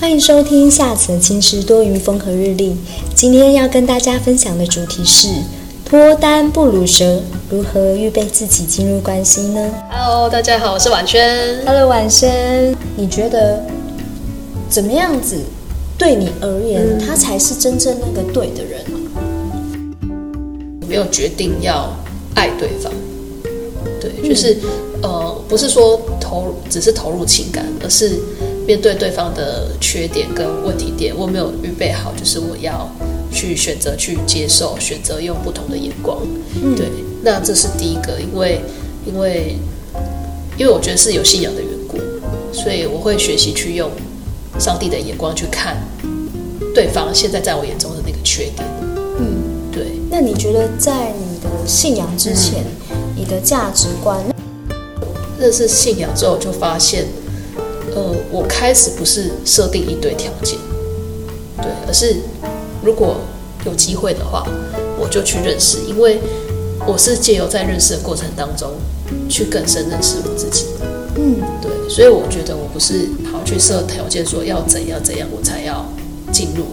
歡迎收聽下次的《晴時多雲風和日麗》。今天要跟大家分享的主題是：脫單不魯蛇，如何預備自己進入關係呢？Hello，大家好，我是婉萱。Hello，婉萱，你覺得怎麼樣子對你而言、嗯，他才是真正那個對的人？有沒有決定要愛對方？對，就是、嗯、呃，不是說投，只是投入情感，而是。面對對方的缺點跟問題點，我沒有預備好，就是我要去選擇去接受，選擇用不同的眼光，嗯。對，那這是第一個，因為因為因為我覺得是有信仰的緣故，所以我會學習去用上帝的眼光去看對方現在在我眼中的那個缺點。嗯，對。那你覺得在你的信仰之前，嗯，你的價值觀？認識信仰之後，就發現。我開始不是設定一堆條件，對，而是如果有機會的話，我就去認識，因為我是借由在認識的過程當中，去更深認識我自己。嗯，對，所以我覺得我不是跑去設條件說要怎樣怎樣我才要進入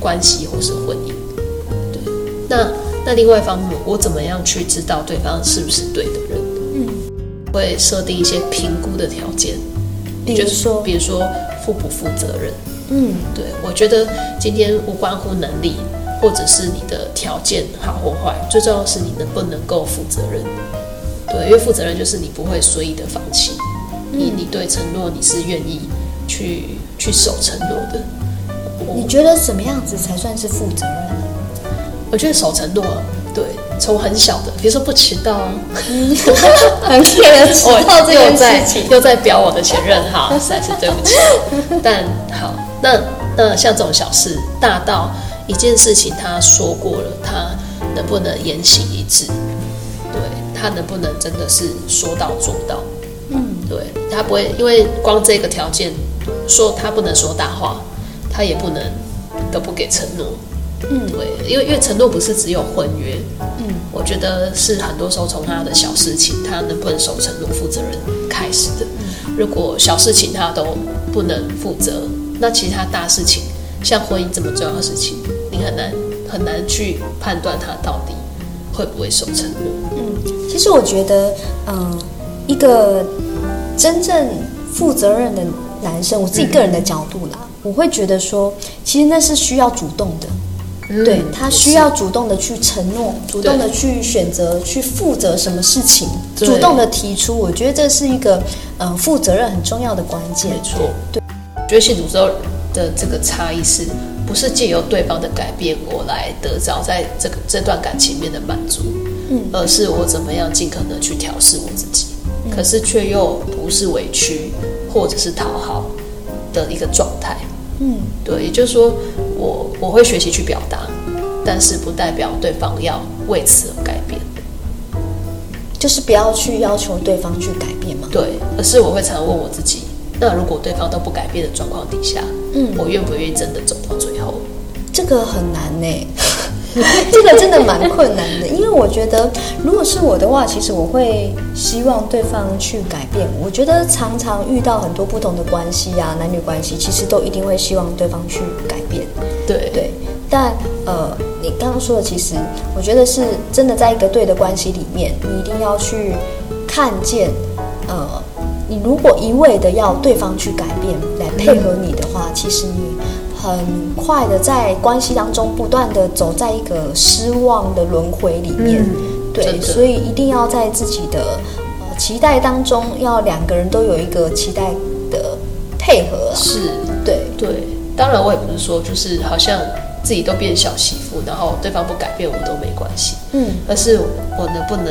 關係或是婚姻。對，那那另外一方面，我怎麼樣去知道對方是不是對的人？嗯，會設定一些評估的條件。就是說，比如說，比如說負不負責任，嗯，對，我覺得今天無關乎能力，或者是你的條件好或壞，最重要是你能不能夠負責任，對，因為負責任就是你不會隨意的放棄，嗯，你你對承諾你是願意去去守承諾的。你覺得怎麼樣子才算是負責任呢？我覺得守承諾，對。從很小的，比如說不遲到啊， 很貼可切怕。 哦，又在又在表我的前任哈，實在是對不起。 但好，那那像這種小事，大到一件事情他說過了，他能不能言行一致？對，他能不能真的是說到做到？嗯，對，他不會，因為光這個條件，說他不能說大話，他也不能都不給承諾。嗯，對，因為因為承諾不是只有婚約，嗯，我覺得是很多時候從他的小事情，他能不能守承諾、負責任開始的。嗯，如果小事情他都不能負責，那其他大事情，像婚姻這麼重要的事情，你很難很難去判斷他到底會不會守承諾。嗯，其實我覺得，嗯，呃，一個真正負責任的男生，我自己個人的角度啦，嗯，我會覺得說，其實那是需要主動的。嗯、對他需要主動的去承諾，主動的去選擇，去負責什麼事情，主動的提出。我覺得這是一個嗯、呃，負責任很重要的關鍵。沒錯，對。對對，覺得信主之後的這個差異是，不是借由對方的改變，我來得着在這個這段感情面的滿足，嗯，而是我怎麼樣盡可能去調試我自己、嗯，可是卻又不是委屈或者是討好的一個狀態，嗯，對，也就是說。我我會學習去表達，但是不代表對方要為此而改變，就是不要去要求對方去改變嗎？對，而是我會常問我自己，那如果對方都不改變的狀況底下，嗯，我願不願意真的走到最後？這個很難呢、欸， 這個真的蠻困難的， 因為我覺得如果是我的話，其實我會希望對方去改變。我覺得常常遇到很多不同的關係啊，男女關係，其實都一定會希望對方去改變。對對，但呃，你剛剛說的，其實我覺得是真的，在一個對的關係裡面，你一定要去看見，呃，你如果一味的要對方去改變來配合你的話，其實你很快的在關係當中不斷的走在一個失望的輪回裡面。嗯，對，所以一定要在自己的，呃，期待當中，要兩個人都有一個期待的配合啊。是，對，對。當然，我也不是說就是好像自己都變小媳婦，然後對方不改變，我都沒關係。嗯，而是我能不能，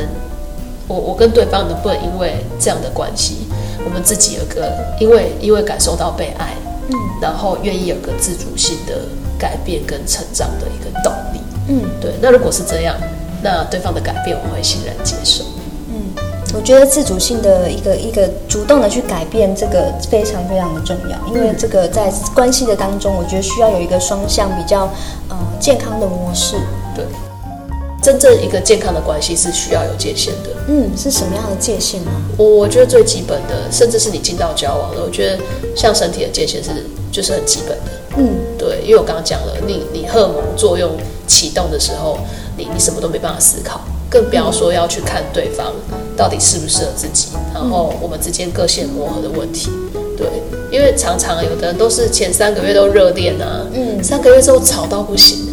我我跟對方能不能因為這樣的關係，我們自己有個因為因為感受到被愛，嗯，然後願意有個自主性的改變跟成長的一個動力，嗯，對。那如果是這樣，那對方的改變我會欣然接受。我覺得自主性的一個一個主動的去改變，這個非常非常的重要，因為這個在關係的當中，我覺得需要有一個雙向比較呃健康的模式。對，真正一個健康的關係是需要有界限的。嗯，是什麼樣的界限呢？我我覺得最基本的，甚至是你進到交往的，我覺得像身體的界限是就是很基本的。嗯，對，因為我剛剛講了，你你荷爾蒙作用啟動的時候，你你什麼都沒辦法思考，更不要說要去看對方。嗯到底適不適合自己、嗯，然後我們之間個性磨合的問題、嗯，對，因為常常有的人都是前三個月都熱戀啊，嗯，三個月之後吵到不行，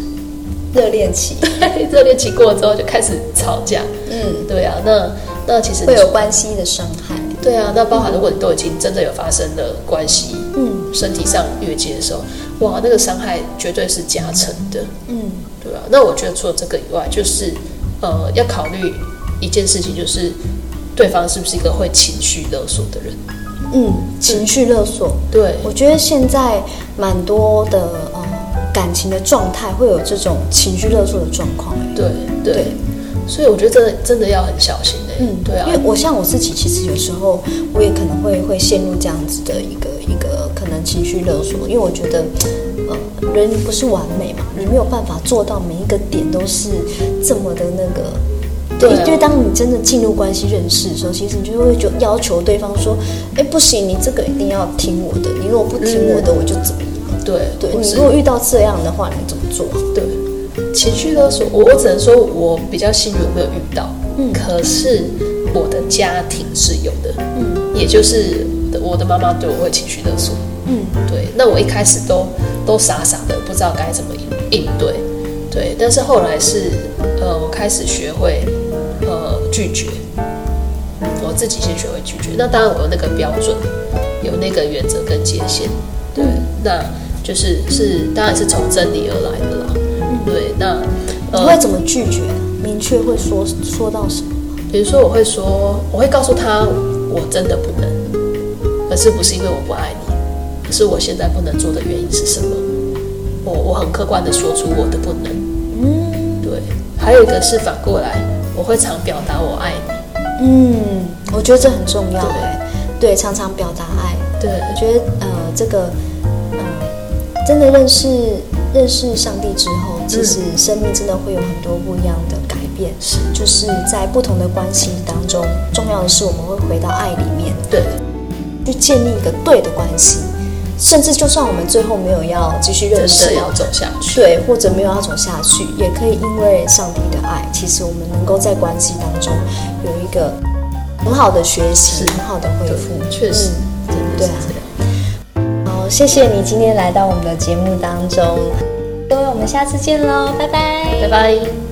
熱戀期，對，熱戀期過了之後就開始吵架，嗯，對啊，那那其實會有關係的傷害，對啊，那包含如果你都已經真的有發生了關係，嗯，身體上越界的時候，哇，那個傷害絕對是加成的，嗯，嗯，對啊。那我覺得除了這個以外，就是呃要考慮。一件事情就是，對方是不是一個會情緒勒索的人？嗯，情緒勒索。對，我覺得現在蠻多的呃感情的狀態會有這種情緒勒索的狀況。對對，對，所以我覺得真的，真的要很小心的。嗯，對啊。因為我像我自己，其實有時候我也可能會會陷入這樣子的一個一個可能情緒勒索，嗯，因為我覺得呃人不是完美嘛，你沒有辦法做到每一個點都是這麼的那個。對，因為、啊、當你真的進入關係認識的時候，其實你就會就要求對方說：“哎，不行，你這個一定要聽我的，你如果不聽我的，我就怎麼樣、嗯對？”對，對，你如果遇到這樣的話，你怎麼做？對，情緒勒索，我我只能說我比較幸運，我沒有遇到，嗯，可是我的家庭是有的，嗯，也就是我的媽媽對我會情緒勒索，嗯，對，那我一開始都都傻傻的不知道該怎麼應對，對，但是後來是呃，我開始學會。拒絕，我自己先學會拒絕。那當然，我有那個標準，有那個原則跟界限。對，嗯、那就是是，當然是從真理而來的啦。嗯、對。那、呃、你會怎麼拒絕？明確會說說到什麼？比如說，我會說，我會告訴他，我真的不能。可是不是因為我不愛你，可是我現在不能做的原因是什麼？我我很客觀的說出我的不能。嗯，對。還有一個是反過來。我會常表達我愛你。嗯，我覺得這很重要。對，對，常常表達愛。對，我覺得呃，這個，嗯、呃，真的認識認識上帝之後，其實生命真的會有很多不一樣的改變。是、嗯，就是在不同的關係當中，重要的是我們會回到愛裡面，對，去建立一個對的關係。甚至，就算我們最後沒有要繼續認識，真的要走下去，對，或者沒有要走下去，嗯，也可以因為上帝的愛，其實我們能夠在關係當中有一個很好的學習，很好的恢復，確實，嗯，對啊。好，謝謝你今天來到我們的節目當中，各位，我們下次見嘍，拜拜，拜拜。